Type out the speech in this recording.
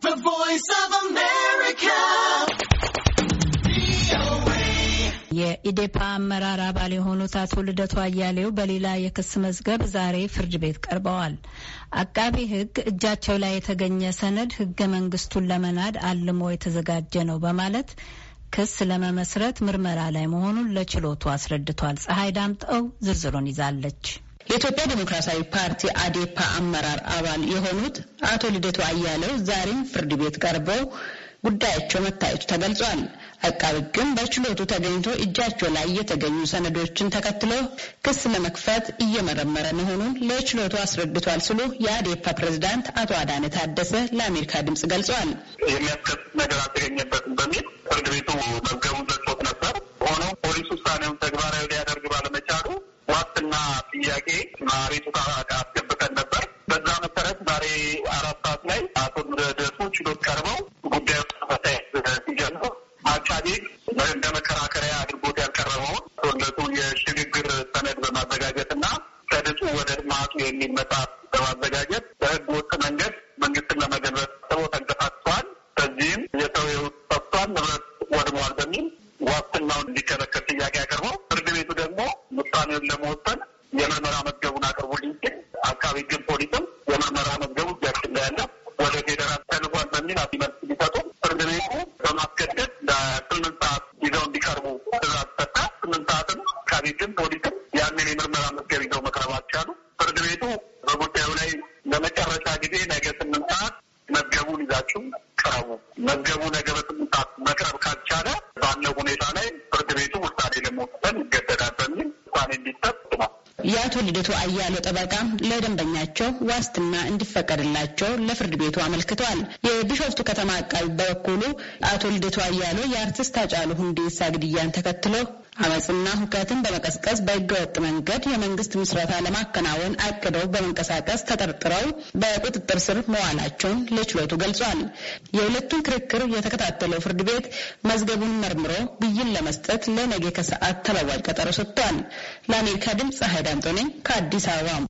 The Voice of America. የኢዴፓ አመራር አባል የሆኑት አቶ ልደቱ አያሌው በሌላ የክስ መዝገብ ዛሬ ፍርድ ቤት ቀርበዋል። አቃቢ ሕግ እጃቸው ላይ የተገኘ ሰነድ ሕገ መንግስቱን ለመናድ አልሞ የተዘጋጀ ነው በማለት ክስ ለመመስረት ምርመራ ላይ መሆኑን ለችሎቱ አስረድቷል። ፀሐይ ዳምጠው ዝርዝሩን ይዛለች። የኢትዮጵያ ዴሞክራሲያዊ ፓርቲ አዴፓ አመራር አባል የሆኑት አቶ ልደቱ አያለው ዛሬም ፍርድ ቤት ቀርበው ጉዳያቸው መታየቱ ተገልጿል። አቃቢ ሕግም በችሎቱ ተገኝቶ እጃቸው ላይ የተገኙ ሰነዶችን ተከትሎ ክስ ለመክፈት እየመረመረ መሆኑን ለችሎቱ አስረድቷል ሲሉ የአዴፓ ፕሬዝዳንት አቶ አዳነ ታደሰ ለአሜሪካ ድምጽ ገልጿል። የሚያስከስ ነገር አልተገኘበትም በሚል ፍርድ ቤቱ መዝገቡን ዘግቶት ነበር። አቤቱታ አስገብተን ነበር። በዛ መሰረት ዛሬ አራት ሰዓት ላይ አቶ ምረደሱ ችሎት ቀርበው ጉዳዩ ተፈተ ሲጀምሩ አቃቤ እንደ መከራከሪያ አድርጎት ያልቀረበውን ቶለቱ የሽግግር ሰነድ በማዘጋጀት እና ከድጹ ወደ ልማቱ የሚል መጽሐፍ በማዘጋጀት በህገ ወጥ መንገድ መንግስትን ለመገንበት ስቦ ተንቀሳቅሷል። በዚህም የሰው ህይወት ንብረት ወድሟል በሚል ዋስትናውን እንዲከለከል ጥያቄ ያቀርበው ፍርድ ቤቱ ደግሞ ውሳኔውን ለመወሰን የምርመራ መዝገቡን አቅርቡልኝ ሲል አካባቢ ሕግ ፖሊስም የምርመራ መዝገቡ እጃችን ላይ ያለ ወደ ፌዴራል ተልጓል በሚል መልስ ሊሰጡ ፍርድ ቤቱ በማስገደድ ለስምንት ሰዓት ይዘው እንዲቀርቡ ትእዛዝ ሰጠ። ስምንት ሰዓትም አቃቤ ሕግም ፖሊስም ያንን የምርመራ መዝገብ ይዘው መቅረብ አልቻሉ። ፍርድ ቤቱ በጉዳዩ ላይ ለመጨረሻ ጊዜ ነገ ስምንት ሰዓት መዝገቡን ይዛችሁ ቅረቡ፣ መዝገቡ ነገ በስምንት ሰዓት መቅረብ ካልቻለ የአቶ ልደቱ አያሌው ጠበቃ ለደንበኛቸው ዋስትና እንዲፈቀድላቸው ለፍርድ ቤቱ አመልክተዋል። የቢሾፍቱ ከተማ አቃቢ በበኩሉ አቶ ልደቱ አያሌው የአርቲስት አጫሉ ሁንዴሳ ግድያን ተከትሎ አመፅና ሁከትን በመቀስቀስ በህገወጥ መንገድ የመንግስት ምስረታ ለማከናወን አቅደው በመንቀሳቀስ ተጠርጥረው በቁጥጥር ስር መዋላቸውን ለችሎቱ ገልጿል። የሁለቱን ክርክር የተከታተለው ፍርድ ቤት መዝገቡን መርምሮ ብይን ለመስጠት ለነገ ከሰዓት ተለዋጭ ቀጠሮ ሰጥቷል። ለአሜሪካ ድምፅ ፀሐይ ዳምጦ ነኝ ከአዲስ አበባ